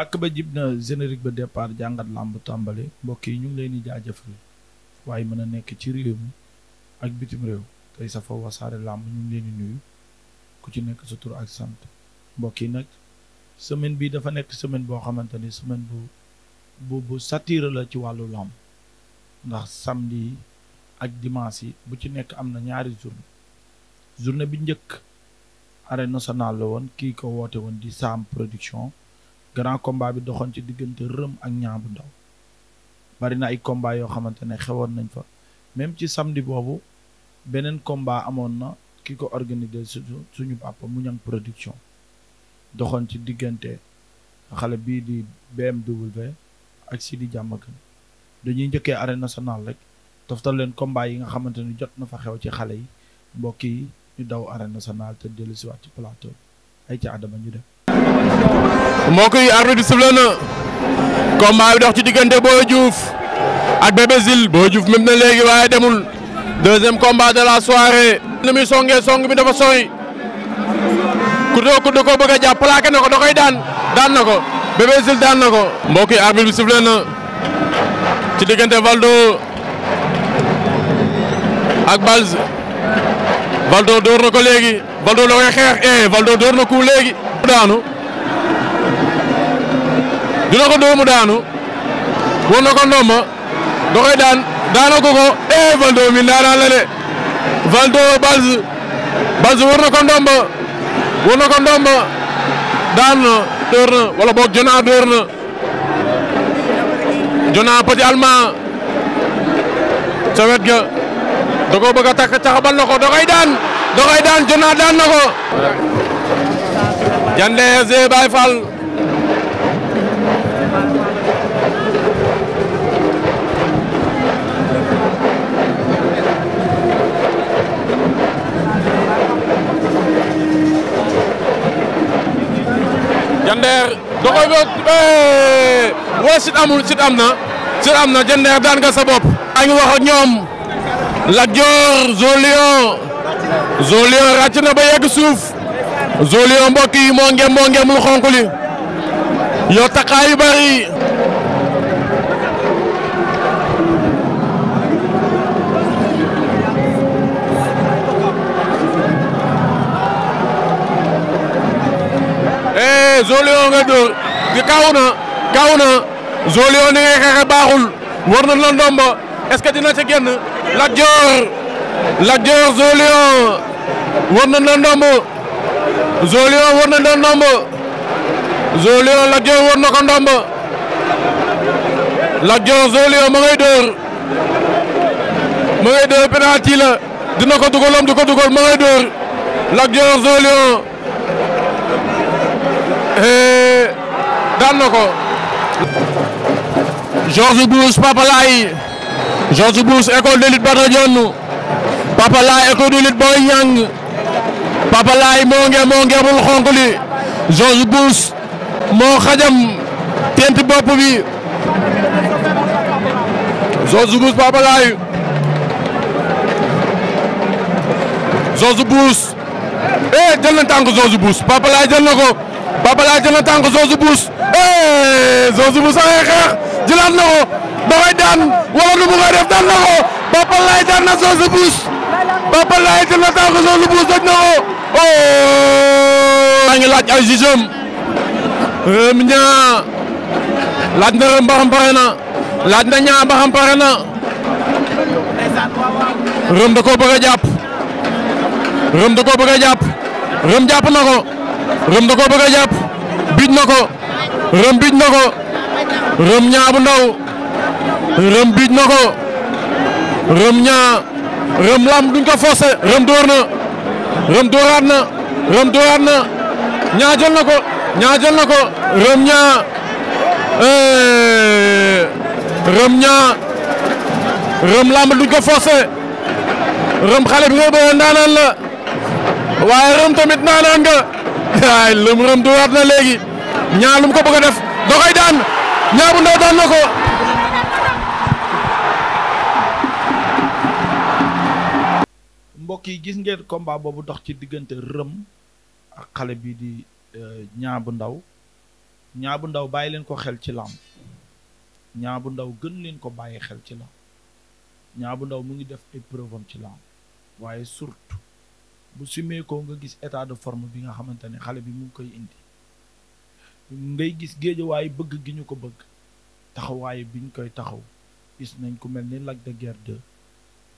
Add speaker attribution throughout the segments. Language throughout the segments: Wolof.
Speaker 1: bàkk ba jib na générique ba départ jàngat làmb tàmbali mbokk yi ñu ngi leen di jaajëfal waaye mën a nekk ci réew mi ak bitim réew tey safa wasaare làmb ñu ngi leen di nuyu ku ci nekk sa tur ak sant mbokk yi nag semaine bi dafa nekk semaine boo xamante ni semaine bu bu satire la ci wàllu làmb ndax samedi ak dimanche yi bu ci nekk am na ñaari journée journée bi njëkk arène nationale la woon kii ko woote woon di Sam production grand combat bi doxoon ci diggante rëm ak ñaa bu ndaw bari na ay combat yoo xamante ne xewoon nañ fa même ci samedi boobu beneen combat amoon na ki ko organiser suñu suñu papa mu ñam production doxoon ci diggante xale bii di BMW ak si Sidi Diamaguène dañuy njëkkee arène nationale rek toftal leen combat yi nga xamante ne jot na fa xew ci xale yi mbokk yi ñu daw arène nationale te dellusiwaat ci plateau ay ca adama ñu dem
Speaker 2: mbokk yi arbitre bi sifflé na combat bi dox ci diggante Boy Diouf ak Bébé Zil Boy na léegi waaye demul deuxième combat de la soirée. ni muy songee song bi dafa sori kutoo kutu ko bëgg a jàpp plaqué na koy daan daan na ko Bébé daan na ko. mbokk yi arbitre bi sifflé na ci diggante Valdo ak Balz Valdo door na ko léegi Valdo la eh, door na ko léegi. daanu. dina ko dóomu daanu won ko ndomba da daan daana ko ko eh Valdo mi ndaanaan la de Valdo Balz Balz war na ko ndomba war na wala boog Jona dóor Jona petit allemand ca ga da koo bëgg a takk ko da daan da daan Jona daan na ko. Diagne Baye Fall. Diender da koy eh, wala sit amul sit am na sit am na Diender daan nga sa bopp. maa ngi wax ak ñoom Lat Dior Zolion Zolion ràcc na ba yegg suuf Zolion mbokk yi moo ngem moo ngem lu xonk li yoo taqaay yu bari xeexee Zos Lion nga dóor di kaw na kaw ni ngay xeexee baaxul war na la ndomba est que dina ca génn Lat Dior Lat Dior Zos Lion war na la ndomb Zos Lion war na la ndomb ma ngay dóor ma ngay dóor penalty la dina ko dugalam du ma ngay dóor Lat Dior Zos Eh, daan na ko. George Bouss Papa Laye George Bouss école de lutte Bataillon Papa Laye école de lutte Boy Niang Papa Laye moo nge moo ngeemul xonk li George Bouss moo xajam tent bopp bi George Bouss Papa Laye George Bouss eh jël na tànk George Bouss Papa Laye jël na ko Papa Laye jël na tànk Zoss Bouss eh, a ngi xeex jëlaat na ko da daan wala nu mu koy na ko Papa Laye daan na Zoss Bouss Papa Laye na ko oh. maa ngi laaj ay jugeem mi laaj na rëm ba xam pare ñaa ba xam na rëm da koo bëgg a jàpp rëm da na ko rëm da koo bij na ko rëm bij na ko rëm ñaa bu ndaw rëm bij na ko rëm ñaa rëm lam duñ ko forcé rëm door na rëm dooraat ñaa jël ko ñaa jël ko rëm ñaa eh. rëm ñaa rëm lamb duñ ko forcé rëm xale bi nga bëgg ndaanaan la waaye rëm tamit ndaanaan nga lëm rëm dooraat léegi ñaa lu mu ko bëgg a def da koy daan ñaar bu ndaw daan na ko.
Speaker 1: mbokk yi gis ngeen combat boobu dox ci diggante rëm ak xale bi di ñaar euh, bu ndaw ñaar bu ndaw bàyyi leen ko xel ci làmb ñaar bu ndaw gën leen ko bàyyi xel ci ñaar bu ndaw mu ngi def ay ci làmb waaye surtout bu sumee nga gis état de forme bi nga xamante ne xale bi mu ngi koy indi ngay gis géejawaay bëgg gi ñu ko bëgg taxawaay bi ñu koy taxaw gis nañ ko mel ni Lac de Guerre 2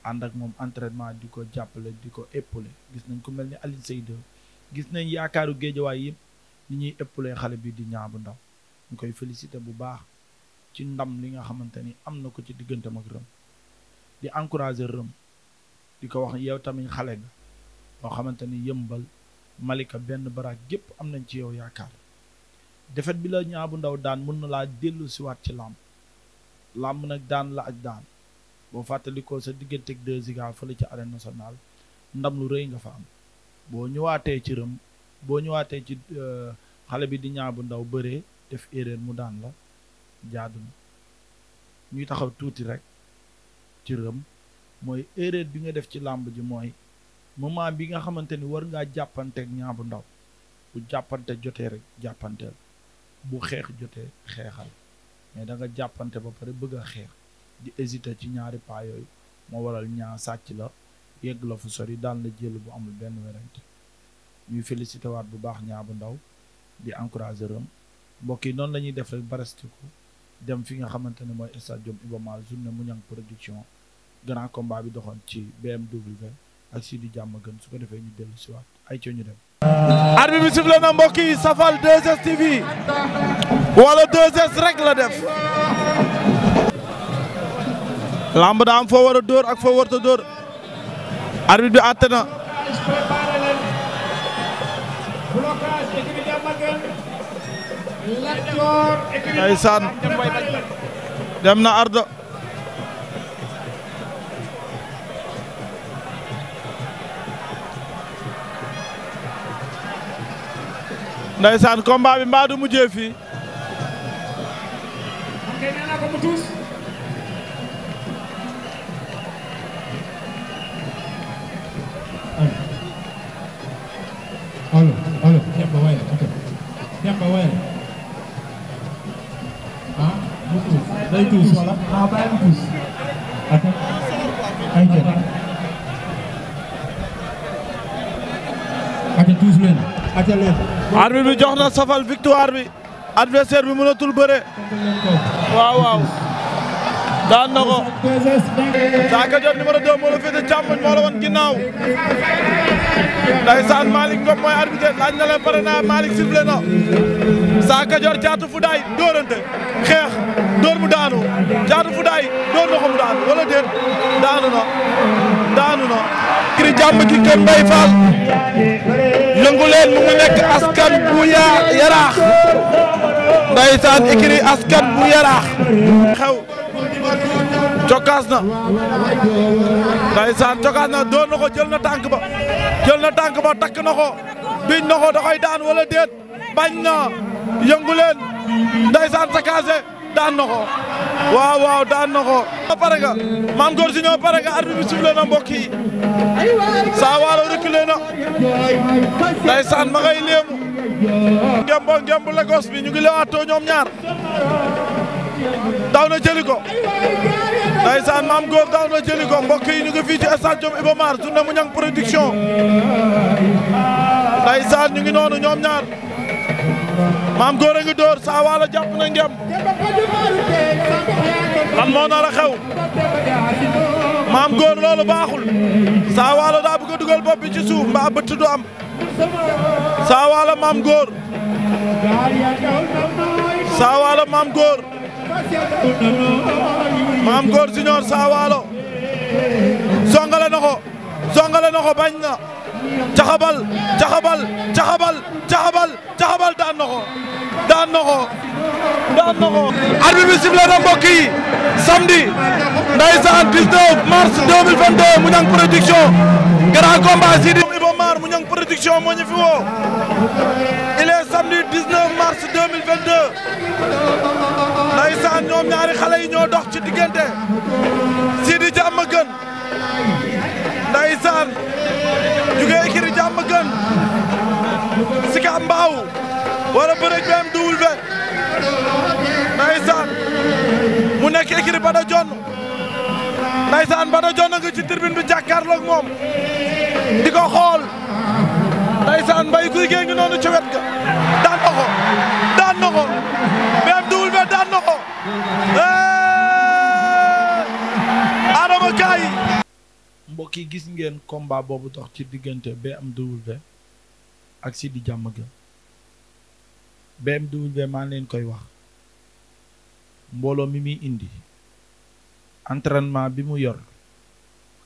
Speaker 1: ànd ak moom entraînement di ko jàppale di ko éppale gis nañ ko mel ni Alioune Seye 2 gis nañ yaakaaru géejawaay yëpp ni ñuy épauler xale bi di bu ndaw ñu koy féliciter bu baax ci ndam li nga xamante ni am na ko ci digganteem ak Reum di encourager Reum di ko wax yow tamit xale nga loo xamante ni yëmbal Malika benn baraak gépp am nañ ci yow yaakaar defet bi la ñaa bu ndaw daan mën na laa dellu siwaat ci làmb làmb nag daan la ak daan boo fàttali ko sa digganteeg deux ziga fële ci arène national ndam lu rëy nga fa am boo ñëwaatee ci rëm boo ñëwaatee ci euh, xale bi di ñaa bu ndaw bëree def erreur mu daan la jaadu na ñuy taxaw tuuti rek ci rëm mooy erreur bi nga def ci làmb ji mooy moment bi nga xamante ni war ngaa jàppanteeg ñaa bu ndaw bu jàppante jotee rek jàppanteel bu xeex jotee xeexal mais da jàppante ba pare bëgg a xeex di hésiter ci ñaari paa yooyu moo waral ñaa sàcc la yegg la fu sori daal na jël bu amul benn werante ñuy félicité waat bu baax ñaa bu ndaw di encouragé ram mbokk yi noonu la ñuy def rek barastiku dem fi nga xamante ne mooy stade Iba Mar journée Mouniang production grand combat bi doxoon ci BMW ak si du jàmm gën su ko defee ñu dellu si waat ay coo ñu dem
Speaker 3: arbitre bi sifflé na mbokk yi TV wala 2S rek la def. lamb am foo war a ak foo warta dóor arbitre bi àtte dem na ardo ndaysaan combat bi mbaa du mujjee fii
Speaker 2: alo alo Demba waay la ok
Speaker 3: Demba waay la ah mu tuus day tuus wala ah
Speaker 1: bàyyi mu tuus ok ay jël aca tuus leen aca leen
Speaker 3: arbitre bi jox na safal victoire bi adversaire bi mënatul bëre waaw waaw daan na ko Caaka Diop numéro 2 moo la féete càmmoñ moo ginnaaw ndeysaan Malick Ngom mooy arbitre laaj na pare naa Malick sifflé na Caaka Diop Thiatou Fouday dóorante xeex dóor mu daanu Thiatou Fouday dóor na ko mu daanu wala déet daanu na daanu na kiri jàmm ci kër Mbaye Fall yëngu mu ngi nekk askan bu yaa yaraax ndeysaan ikiri askan bu yaraax xew cokkaas na ndeysaan cokkaas na doon na ko jël na tànk ba jël na tànk ba takk na ko biñ na ko da koy daan wala déet bañ na yëngu leen ndeysaan sakaase daan na ko waaw waaw daan na ko pare nga maam góor pare nga arbitre bi sifflé na saa waalo reculé na ndeysaan ma ngay léemu ngembo ngemb Lagos bi ñu ngi ñaar daw na jëli ndaysaan maam góor daaw na jëli ko mbokk yi ci stade Iba Mar mu ñang production ndaysaan ñu ngi noonu ñoom ñaar góor a ngi dóor saa waala jàpp na ngem lan moo nar a xew maam góor loolu baaxul saa waala daa bëgg dugal bopp bi ci suuf du am saa waala góor saa waala góor maam góor junior saawaalo songale na ko songale na ko bañ na caxabal caxabal caxabal caxabal caxabal daan na ko daan na ko daan na ko arbitre bi sifflé na mbokk yi samedi ndeysaan 19 mars 2022 Mouniang production grand combat si di Iba Mar Mouniang production moo ñu fi woo il est samedi 19 ndaysaan ñoom ñaari xale yi ñoo dox ci diggante Sidi jàmm gën ndaysaan jugee kiri jàmm gën Sika Mbaaw war a bëre BMW ndaysaan mu nekk écurie Bada Dione ndaysaan Bada Dione nga ci tribune bi jàkkaarloog moom di ko xool ndaysaan mbay guy gee ngi noonu ci ga daan ko
Speaker 1: yi gis ngeen combat boobu dox ci diggante am BMW ak jàmm Sidi Diamaguène BMW maa ngi leen koy wax mbooloo mi muy indi entraînement bi mu yor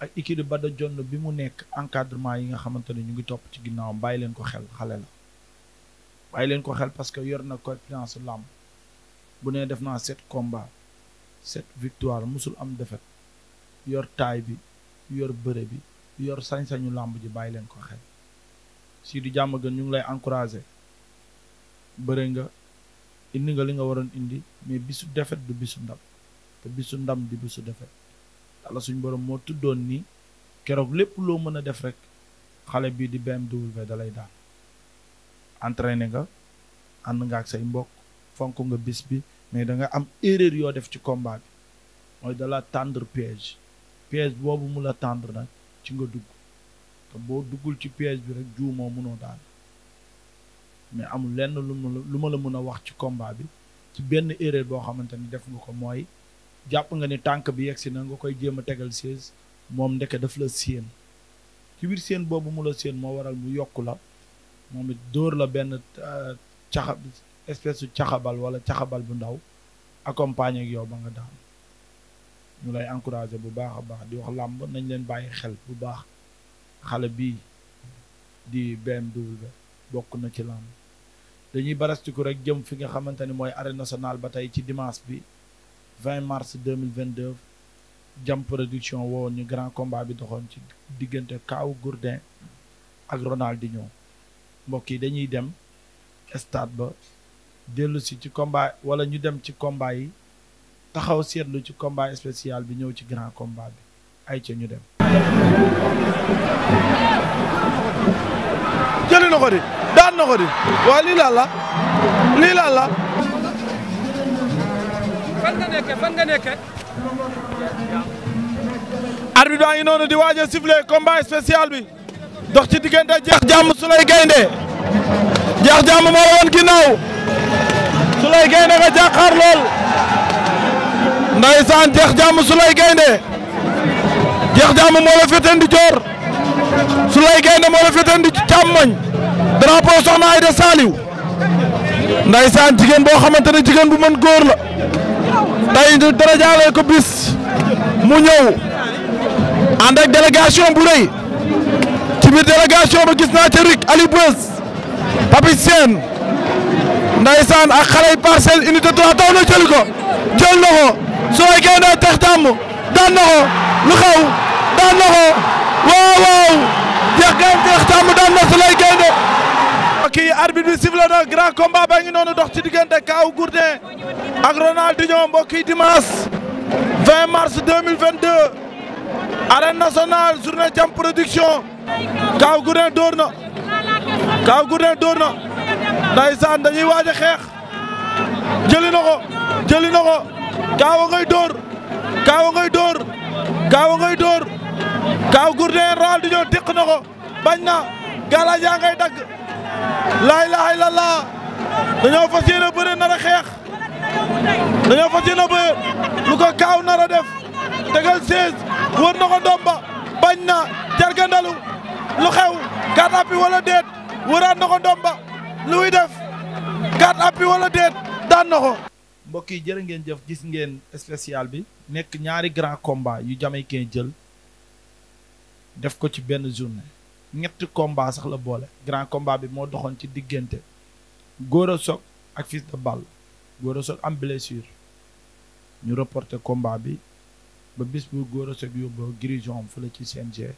Speaker 1: ak équipe ba da jonn bi mu nekk encadrement yi nga xamante ne ñu ngi topp ci ginnaawam bàyyi leen ko xel xale la bàyyi leen ko xel parce que yor na confiance làmb bu nee def naa sept combat sept victoire mosul am défaite yor taay bi yor bëre bi yor sañ-sañu làmb ji bàyyi leen ko xel si du jàmm gën ñu ngi lay encouragé bëre nga indi nga li nga waroon indi mais bisu defet du bisu ndam te bisu ndam di bisu defet yàlla suñ borom moo tuddoon ni keroog lépp loo mën a def rek xale bii di BMW da dalay daal entraîné nga ànd nga ak say mbokk fonk nga bis bi mais da nga am erreur yoo def ci combat bi mooy da la tendre piège piège boobu mu la tendre na ci nga dugg te boo duggul ci piège bi rek juumoo mënoo daal mais amul lenn lu ma la lu ma la mën a wax ci combat bi ci benn erreur boo xamante ni def nga ko mooy jàpp nga ni tànk bi yegsi na nga koy jéem a tegal siis moom ndeke daf la séen ci biir séen boobu mu la séen moo waral mu yokku la moom it dóor la benn euh, caxa espèce su caxabal wala caxabal bu ndaw accompagner ak yow ba nga daal ñu lay encouragé bu baax a baax di wax làmb nañ leen bàyyi xel bu baax xale bii di BMW bokk na ci làmb dañuy barastiku rek jëm fi nga xamante ni mooy arène nationale ba tey ci dimanche bi 20 mars 2022 jam production woowoon ñu grand combat bi doxoon ci diggante Kaaw Gourdin ak Ronaldinho mbokk yi dañuy dem stade ba dellusi ci combat wala ñu dem ci combat yi taxaw seetlu ci combat spécial bi ñëw ci grand combat bi ay ca ñu dem.
Speaker 3: jëli na ko di daan lii laal la lii laal la.
Speaker 2: fan
Speaker 3: baa ngi di waaj a siffler combat spécial bi dox ci diggante jeex jàmm su gaynde jeex jàmm moo woon ginnaaw su lay gaynde nga jàkkaar lool. ndaysaan jeex jàmm Souleye Gaynde jeex jàmm moo la féete ndi joor Souleye Gaynde moo la ndi càmmoñ drapeau soxna Aïda Saliou ndaysaan jigéen boo xamante ne jigéen bu mën góor la day dara jaale ko bis mu ñëw ànd ak délégation bu rëy ci biir ba gis naa ca rik Ali Beuz Papi ak xale yi Parcelles Unité 3 taw na jëli ko sooy génnee tax daan na ko lu daan na waaw waaw jeex ngeen jeex daan na su lay génne. mbokk yi arbitre grand combat ba ngi noonu dox ci diggante Kaw Gourdin ak Ronaldinho mbokk yi dimanche 20 mars 2022 arène nationale journée Production Kaw Gourdin door na Kaw Gourdin door na dañuy waaj xeex jëli na jëli na Kaaw ngay dóor Kaaw ngay dóor Kaaw ngay dóor Kaaw Gourdin Ronaldinho teq na ko bañ na galaaj yaa ngay dagg laa ilaaha illallaah dañoo fas yéene bëre nar a xeex dañoo fas yéene bëre lu ko Kaaw nar a def tegal 16 wër na ko ndomba bañ na jargandalu lu xew kat appi wala déet wëraat na ko ndomba luy def kat
Speaker 1: appi wala déet daan na ko mbokk yi jërë ngeen jëf gis ngeen spécial bi nekk ñaari grand combat yu jamaïcain jël def ko ci benn journée ñetti combat sax la boole grand combat bi moo doxoon ci diggante Gora Sock ak Fils de Balla Gora Sock am blessure ñu reporté combat bi ba bis bu Gora Sock yóbboo guérison am fële ci CNG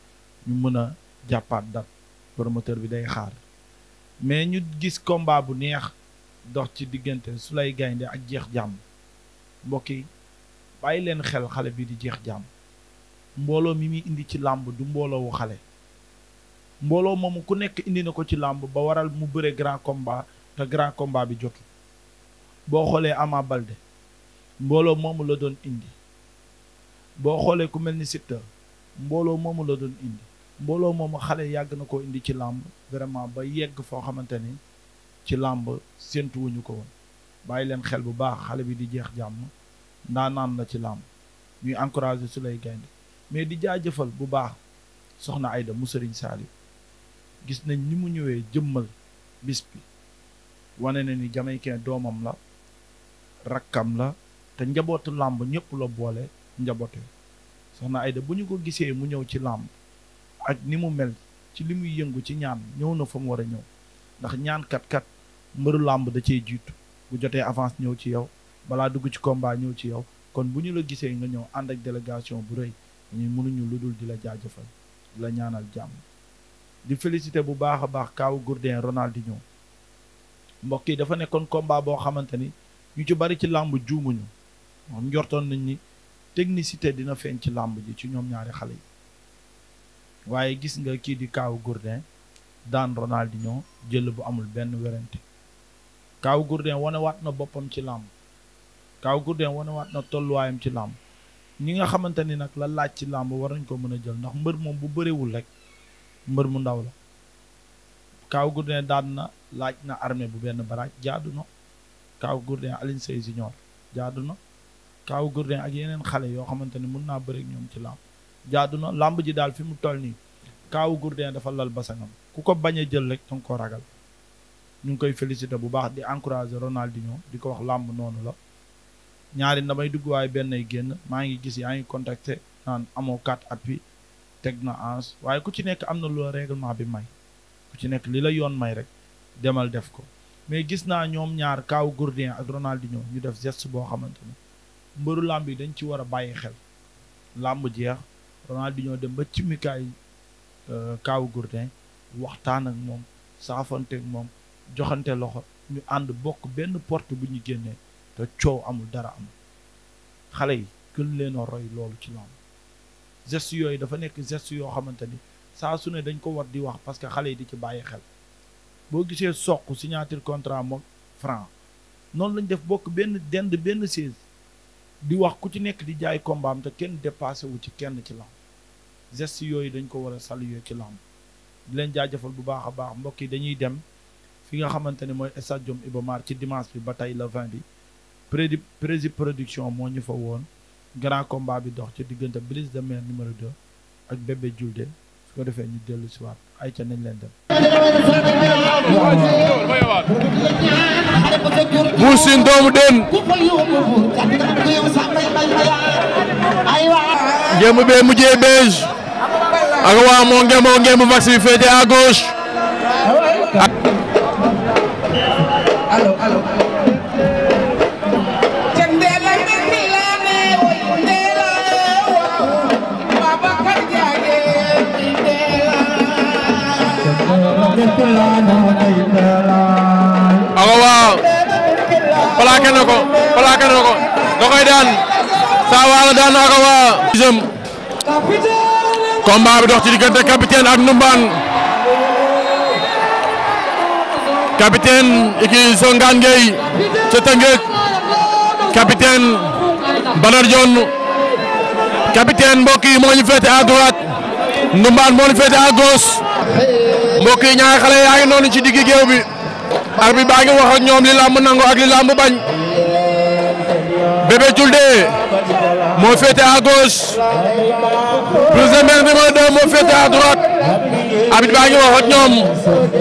Speaker 1: ñu mën a jàppaat date promoteur bi day xaar mais ñu gis combat bu neex dox ci diggante Souleye Gaynde ak Jeex Jàmm mbokk yi bàyyi leen xel xale bi di Jeex Jàmm mbooloo mi muy indi ci làmb du mbooloowu xale mbooloo moomu ku nekk indi na ko ci làmb ba waral mu bëre grand combat te grand combat bi jotu boo xoolee Ama Balde mbooloo moomu la doon indi boo xoolee ku mel ni Siteu mbooloo moomu la doon indi mbooloo moomu xale yàgg na ko indi ci làmb vraiment ba yegg foo xamante ni ci làmb séntuwuñu ko woon bàyyi leen xel bu baax xale bi di jeex jàmm ndaanaan la ci làmb ñuy encouragé su lay gaynde mais di jaajëfal bu baax soxna Aida mu sëriñ gis nañ ni mu ñëwee jëmmal bis bi wane na ni jamaïcain doomam la rakkam la te njabootu làmb ñëpp la boole njaboote soxna Aida bu ñu ko gisee mu ñëw ci làmb ak ni mu mel ci li muy yëngu ci ñaan ñëw na fa mu war a ñëw ndax ñaan kat kat mbëru làmb da cee jiitu bu jotee avance ñëw ci yow balaa dugg ci combat ñëw ci yow kon bu ñu la gisee nga ñëw ànd ak délégation bu rëy ñu mënuñu lu dul di la jaajëfal di la ñaanal jàmm di félicité bu baax a baax Kaawu Gourdin Ronaldinho mbokk yi dafa nekkoon combat boo xamante ni ñu ci bari ci làmb juumuñu moom njortoon nañ ni technicité dina feeñ ci làmb ji ci ñoom ñaari xale yi waaye gis nga kii di Kaawu Gourdin daan Ronaldinho jël bu amul benn werante Kaaw Gourdin wanewaat na boppam ci làmb Kaaw Gourdin wanewaat na tolluwaayam ci làmb ñi nga xamante ni nag la laaj ci làmb war nañ ko mën a jël ndax mbër moom bu bëriwul rek mbër mu ndaw la Kaaw Gourdin daan na laaj na armée bu benn baraaj jaadu na Kaaw Gourdin Alioune Sèye Junior jaadu na Kaaw Gourdin ak yeneen xale yoo xamante ni mën naa bëri ñoom ci làmb jaadu na làmb ji daal fi mu toll nii Kaaw Gourdin dafa lal basangam ku ko bañ a jël rek danga ko ragal ñu ngi koy félicité bu baax di encouragé Ronaldinho di ko wax làmb noonu la ñaari damay dugg waaye benn ay génn maa ngi gis yaa ngi contacté naan amoo quatre appui teg na ans waaye ku ci nekk am na lu la règlement bi may ku ci nekk li la yoon may rek demal def ko mais gis naa ñoom ñaar kaaw Gourdin ak Ronaldinho ñu def geste boo xamante ne mbëru làmb yi dañ ci war a bàyyi xel làmb jeex Ronaldinho dem ba ci mikaay euh, kaaw Gourdin waxtaan ak moom saafanteeg moom joxante loxo ñu ànd bokk benn porte bu ñu génnee te coow amul dara amul xale yi gën leen a roy loolu ci lamb geste yooyu dafa nekk geste yoo xamante ni saa su ne dañ ko war di wax parce que xale yi di ci bàyyi xel boo gisee soq signature contrat moom franc noonu lañ def bokk benn dend benn siège di wax ku ci nekk di jaay kombaam te kenn dépassé wu ci kenn ci lamb geste yooyu dañ ko wara a saluer ci lamb di leen jaajëfal bu baax a baax mbokk yi dañuy dem fi nga xamante ni mooy stade Iba Mar ci dimanche bi ba tey le bi prédi production moo ñu fa woon grand combat bi dox ci diggante Brise de Mer numéro 2 ak Bébé Diouldé su ko defee ñu dellu si waat
Speaker 3: doomu
Speaker 2: den. Ngémb bee mujjee beige. ak waa moo ngémboo ngémb vaccin féete allo allo awa waaw plaqué na ko plaqué na ko da koy daan saa waala daan na ko waaw. combat bi dox ci diggante capitaine ak Ndoumbane. capitaine iki Songane Gueye ca Tëngéej capitaine Badar Dione capitaine yi moo ñu féete à droite moo ñu féete à gauche mbokk yi noonu ci diggi géew bi ar baa ngi wax ñoom li làmb nangu ak li làmb bañ Bébé Diouldé moo féete à gauche Brise de Mer moo féete à droite baa ngi wax ñoom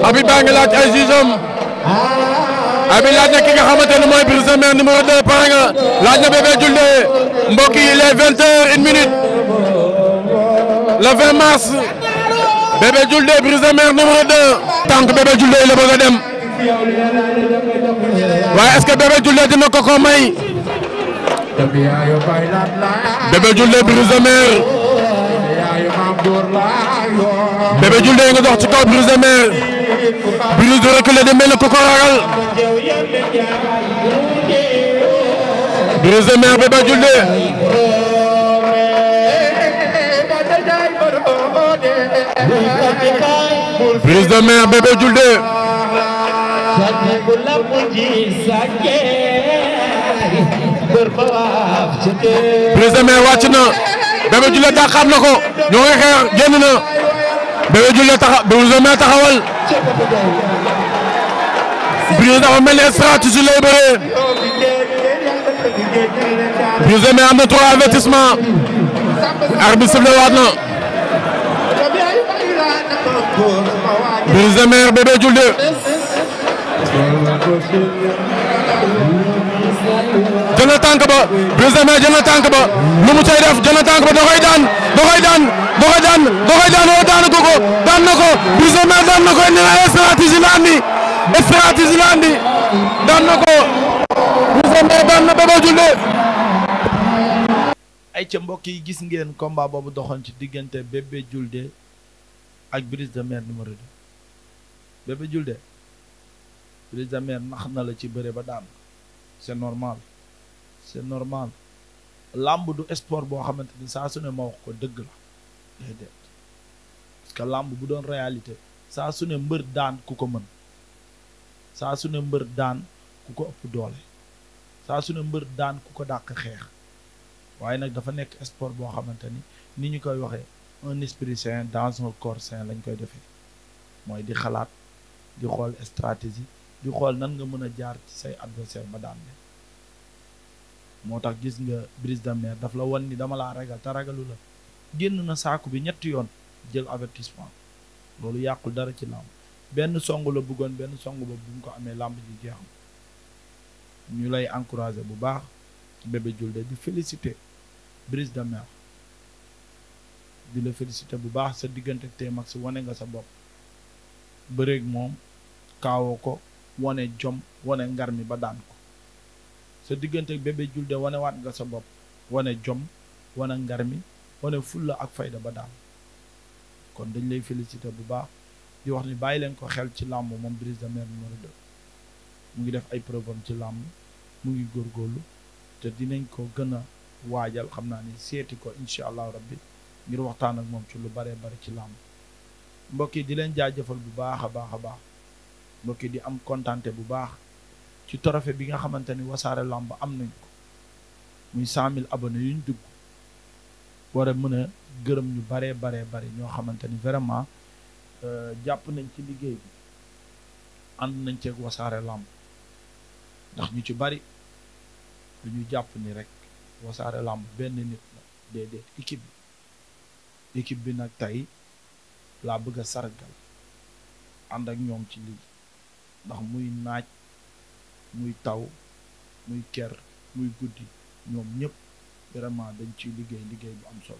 Speaker 2: abit baa ngi laaj ay jugeem abi laaj na ki nga xamante ne mooy de Mer numéro 2 pare nga vingt heures une minute le 20 mars Bébé Diouldé Brise de Mer numéro 2. tànk dem waaye est-ce que Bébé Diouldé dina ko Bébé Diouldé nga dox ci kaw Brise de Mer Brise de reculer de mel na ku ko ragal Brise de Mer Bébé Diouldé Brise de Mer Bébé Diouldé Brise de Mer wàcc na Bébé Diouldé dàqaat na ko ñoo ngi xeex génn na Bébé Diouldé taxa Bébé Diouldé taxawal Brise dafa mel ne stratégie lay bëree Brise mais am na trois avertissement arbitre sifflé waat na Brise Mer Bébé Diouldé tànk ba Brise de Mer jël ba lu daan da daan da daan ko ko daan na ko Brise de daan na ko indi na stratégie la andi daan na ko Brise de daan na Bébé Diouldé
Speaker 1: ay ca mbokk yi gis ngeen combat boobu doxoon ci diggante Bébé Diouldé ak Brise de Mer Bébé Diouldé Brise de nax na la ci bëre daan c'est normal c'est normal làmb du sport boo xamante ni saa su ne ma wax ko dëgg la déedéet que làmb bu doon réalité saa su ne mbër daan ku ko mën saa su ne mbër daan ku ko ëpp doole saa su ne mbër daan ku ko dàq xeex waaye nag dafa nekk sport boo xamante ni ni ñu koy waxee un esprit sain dans un corps sain lañ koy defee mooy di xalaat di xool stratégie di xool nan nga mën a jaar ci say adversaire ba daan leen moo tax gis nga brise de mer daf la wan ni dama laa ragal te ragalu la génn na saaku bi ñetti yoon jël avertissement loolu yàqul dara ci làmb benn song la bëggoon benn song ba bu mu ko amee làmb ji jeexam ñu lay encouragé bu baax bébé de di félicité brise de mer di la félicité bu baax sa diggante tey mag si wane nga sa bopp bëreek moom kaawoo ko wane jom wane ngar mi ba daan ko sa diggante bébé wane waat nga sa bopp wane jom wane ngar mi wane fulla ak fayda ba daal kon dañ lay féliciter bu baax di wax ni bàyyi leen ko xel ci làmb moom Brise de Mer mu ngi def ay preuve ci làmb mu ngi góorlu te dinañ ko gën a waajal xam naa ni seeti ko incha allah rabbi ngir waxtaan ak moom ci lu baree bari ci làmb mbokk yi di leen jaajëfal bu baax a baax a baax mbokki di am kontante bu baax ci trophée bi nga xamante ni wasaare làmb am nañ ko muy cent mille abonnés yuñ dugg wara a mën a gërëm ñu baree baree bari ñoo xamante ni vraiment euh, jàpp nañ ci liggéey bi ànd nañ ceeg wasaare làmb ndax ñu ci bari du ñu jàpp ni rek wasaare làmb benn nit la déedéet équipe bi équipe bi nag tey laa bëgg a sargal ànd ak ñoom ci lii ndax muy naaj muy taw muy ker muy guddi ñoom ñëpp vraiment dañ ci liggéey liggéey bu am sol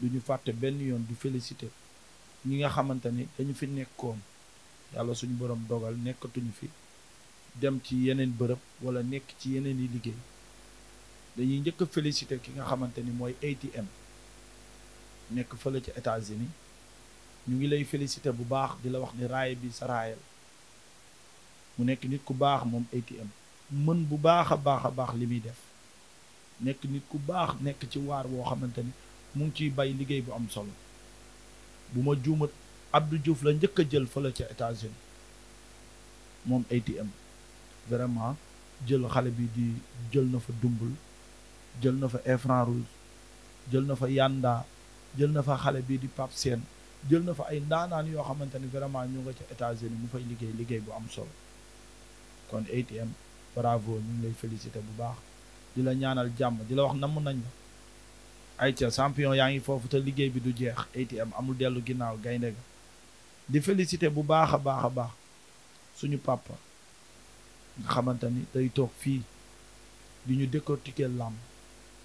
Speaker 1: du ñu fàtte benn yoon du félicité ñi nga xamante ni dañu fi nekkoon yàlla suñu borom dogal nekkatuñu fi dem ci yeneen bërëb wala nekk ci yeneen yi liggéey dañuy njëkk a ki nga xamante ni mooy ATM nekk fële ci États-Unis ñu ngi lay félicité bu baax di la wax ni raay bi sa raayal mu nekk nit ku baax moom ATM mën bu baax a baax a baax li muy def nekk nit ku baax nekk ci waar woo xamante ni mu ngi ciy bay liggéey bu am solo bu ma jumat Abdou Diouf la njëkk a jël fële ca États-Unis moom ATM vraiment jël xale bi di jël na fa dumbul jël na fa Efran Rouge jël na fa Yanda jël na fa xale bii di Pape Sène jël na fa ay ndaanaan yoo xamante ni vraiment ñu nga ca États-Unis mu fay liggéey liggéey bu am solo kon ATM bravo ñu ngi lay félicité bu baax di la ñaanal jàmm di la wax namm nañ la ay ca champion yaa ngi foofu te liggéey bi du jeex ATM amul dellu ginnaaw gaynde ga di félicité bu baax a baax a baax suñu papa nga xamante ni day toog fii di ñu décortiquer làmb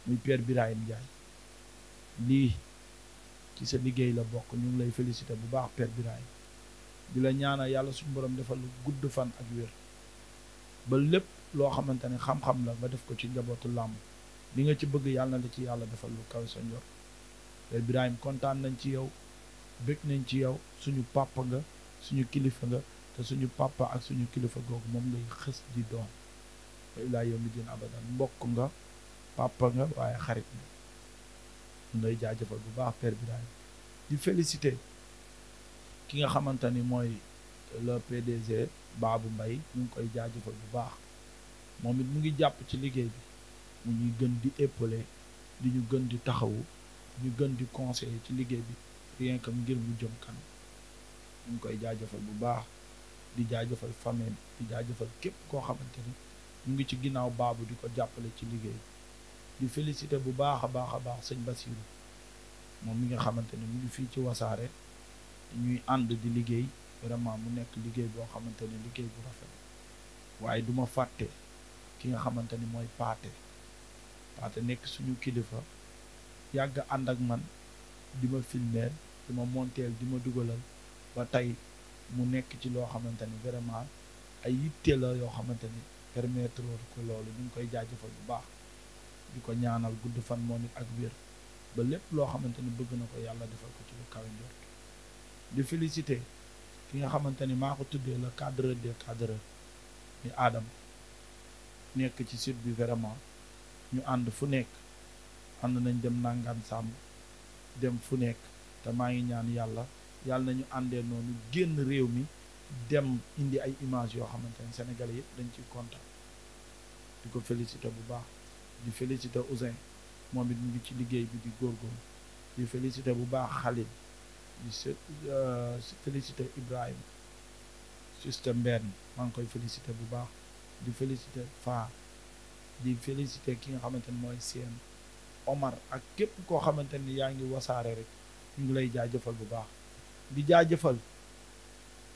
Speaker 1: muy Pierre Birahim Ndiaye lii ci sa liggéey la bokk ñu ngi lay félicité bu baax Pierre Birahim di la ñaanal yàlla suñu borom defal lu gudd fan ak wér ba lépp loo xamante ne xam-xam la nga def ko ci njabootu làmb bi nga ci bëgg yàlla na ci yàlla defal lu kaw sa njor te kontaan nañ ci yow bég nañ ci yow suñu papa nga suñu kilifa nga te suñu papa ak suñu kilifa googu moom ngay xës di doon ba ilaa yow mi abadan mbokk nga papa nga waaye xarit nga ngay jaajëfal bu baax père Birahim di félicité ki nga xamante ni mooy le PDG Baabu Mbay ñu ngi koy jaajëfal bu baax moom it mu ngi jàpp ci liggéey bi mu ñuy gën di épauler di ñu gën di taxawu ñu gën di conseiller ci liggéey bi rien que ngir mu jëm kanam ñu ngi koy jaajëfal bu baax di jaajëfal famille di jaajëfal képp koo xamante ni ñu ngi ci ginnaaw baabu di ko jàppale ci liggéey bi di féliciter bu baax a baax a baax sëñ Basiru moom mi nga xamante ni mu ngi fii ci wasaare ñuy ànd di liggéey vraiment mu nekk liggéey boo xamante ne liggéey bu rafet waaye duma fàtte ki nga xamante ni mooy paate paate nekk suñu kilifa yàgg ànd ak man di ma filmeel di monteel di ma dugalal ba tey mu nekk ci loo xamante ni vraiment ay yitte la yoo xamante ni permettre ko loolu ñu ngi koy jaajëfal bu baax di ko ñaanal gudd fan moo nit ak wér ba lépp loo xamante ni bëgg na ko yàlla defal ko ci lu kawe njort di félicité ki nga xamante ni maa ko tuddee la cadre des cadres ni aadam nekk ci site bi vraiment ñu ànd fu nekk ànd nañ dem nangaan sàmm dem fu nekk te maa ngi ñaan yàlla yàlla nañu àndee noonu génn réew mi dem indi ay image yoo xamante ni sénégalais yëpp dañ ciy kontaan di ko féliciter bu baax di féliciter Ousin moom it mu ngi ci liggéey bi di góorgóorlu di féliciter bu baax Khalil di euh, félicité Ibrahima juste Mbène maa ngi koy félicité bu baax di félicité Fa di félicité ki nga xamante ni mooy seen Omar ak képp koo xamante ni yaa ngi wasaare rek ñu ngi lay jaajëfal bu baax di jaajëfal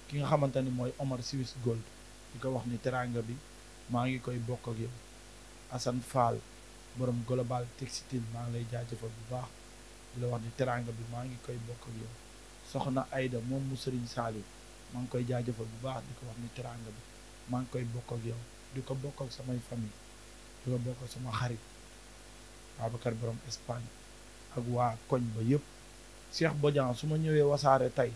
Speaker 1: ki nga xamante ni mooy Omar Swiss Gold di ko wax ni teraanga bi maa ngi koy bokk ak yow Assane Fall borom global textile maa ngi lay jaajëfal bu baax di la wax ni teraanga bi maa ngi koy bokk ak yow soxna ayda moom mu Serigne Saliou maa ngi koy jaajëfal bu baax di ko wax ni teraanga bi maa ngi koy bokk ak yow di ko bokk samay famille di ko bokk sama xarit Babacar borom Espagne ak waa koñ ba yëpp Cheikh Bodian su ma ñëwee wasaare tey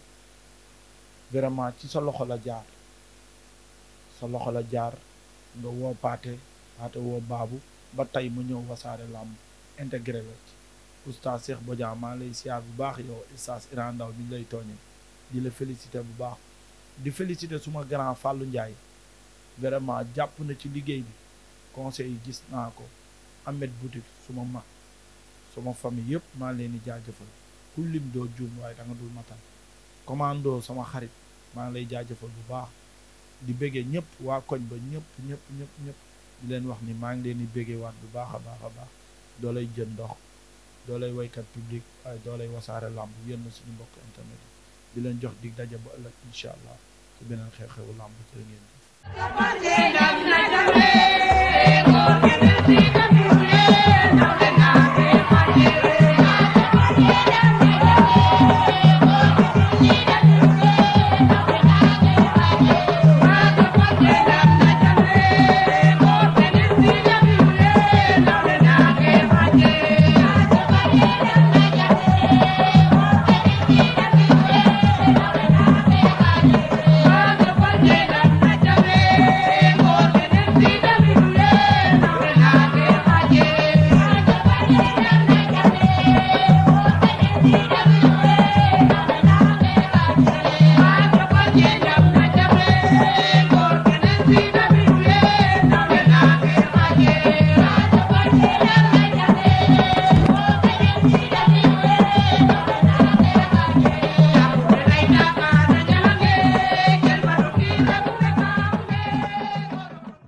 Speaker 1: vraiment ci sa loxo la jaar sa loxo la jaar nga woo paate paate woo baabu ba tey mu ñëw wasaare làmb intégré la oustaz Cheikh Bodian maa lay siyaar bu baax yow oustaz Iran Ndaw mi ngi lay tooñe di félicité bu baax di félicité suma grand fàllu Ndiaye vraiment jàpp na ci liggéey bi conseil yi gis naa ko Ahmed Boutique suma mag suma famille yëpp maa leen di jaajëfal ku lim doo juum waaye da dul matal commando sama xarit maa lay jaajëfal bu baax di bëggee ñëpp waa koñ ba ñëpp ñëpp ñëpp ñëpp di leen wax ni maa ngi leen di bëggee waat bu baax a baax a baax doo lay jën ndox doolay woykat public doole doolay wasaare làmb yéen suñu mbokk internet yi di leen jox dig daje ba ëllëg incha allah ci beneen xew-xewu làmb
Speaker 2: jërë ngeen